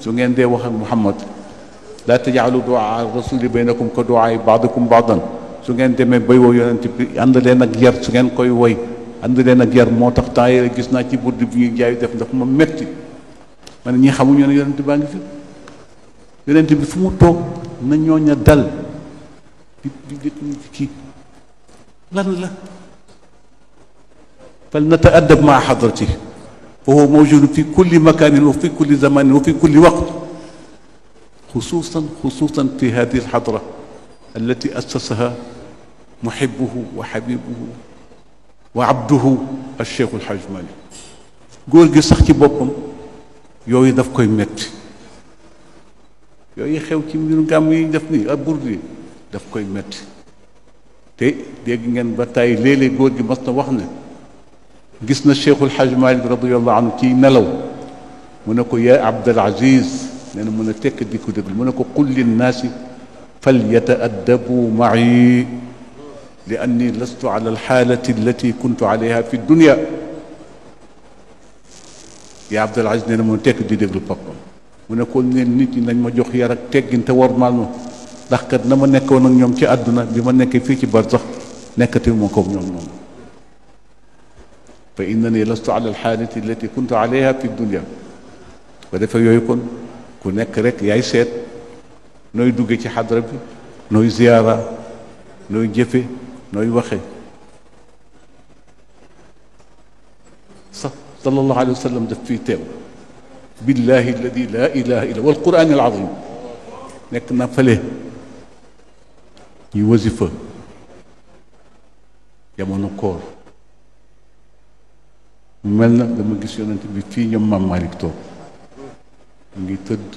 su ngeen dee wax ak Muhammad laa tajaalu duaa rasuli baynakum ka duaay baadakum baadan su ngeen demee bay woo yonent bi ànd leen ak yar su ngeen koy woy ànd leen ak yar moo tax temps yële gis naa ci budd bi ñuy jaay def ndax ma metti ma ne ñi xamuñu ne yonent baa ngi fi yonent bi fu mu toog na ñooñ a dal di di di kii lan la fal nataadab maa xadrati وهو موجود في كل مكان وفي كل زمان وفي كل وقت خصوصا خصوصا في هذه الحضرة التي أسسها محبه وحبيبه وعبده الشيخ الحاج مالي قول قصة كي بوبم يوي دفكو يمت يوي خيو كي مينو كامو يدفني أبوردي دفكو يمت تي ديك نغن بطاي ليلي قول قي مصنا وخنا جسنا الشيخ الحاج مالك رضي الله عنه كي نلو منكو يا عبد العزيز لأن منتك ديكو دقل منكو قل للناس فليتأدبوا معي لأني لست على الحالة التي كنت عليها في الدنيا يا عبد العزيز لأن منتك دي دقل بابا منكو نيتي نجم جوخ يارك تك انت ورمانو لحكت نما نكو نجم كي أدنا بما نكي فيكي برزخ نكتي منكو نجم نجم فإنني لست على الحالة التي كنت عليها في الدنيا وده في يكون كناك رك يعيشت نوي دوجي حد نوي زيارة نوي جفي نوي وخي صلى الله عليه وسلم دفي تاو بالله الذي لا إله إلا والقرآن العظيم لكن نفله يوزفه يا منقور mel na dama gis yonent bi fii ñoom maam Malick toog mu ngi tëdd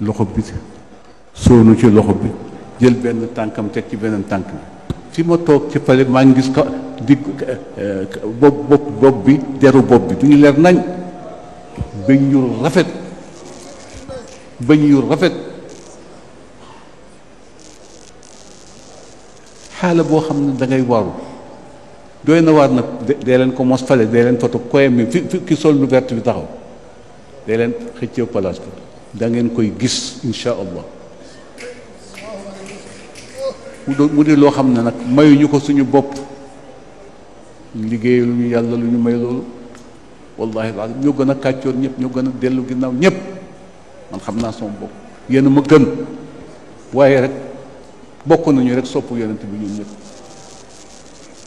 loxo bi soonu ci loxo bi jël benn tànkam teg ci beneen tànk bi fi ma toog ci fale maa ngi gis ko di bopp bopp bi deru bopp bi du ñu leer nañ bëñ yu rafet bëñ yu rafet xaala boo xam ne da ngay waru na waar nag dee leen ko mos fale dee leen foto koyam mi fi fi ki sol lu verte bi taxaw dee leen xëccee place bi da koy gis insha allah mu di loo xam ne nag mayuñu ko suñu bopp liggéey lu ñu yàlla lu ñu may loolu wallahi al ñoo gën a kàccoor ñëpp ñoo gën a dellu ginnaaw ñëpp man xam naa sama bopp yéen ma gën waaye rek bokk nañu rek sopp yonent bi ñun ñëpp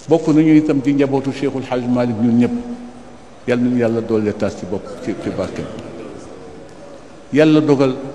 bokk nañu itam ci njabootu Cheikhul Hadj Malick ñun ñëpp yal nañu yàlla doole tas ci bopp ci ci barkeem yàlla dogal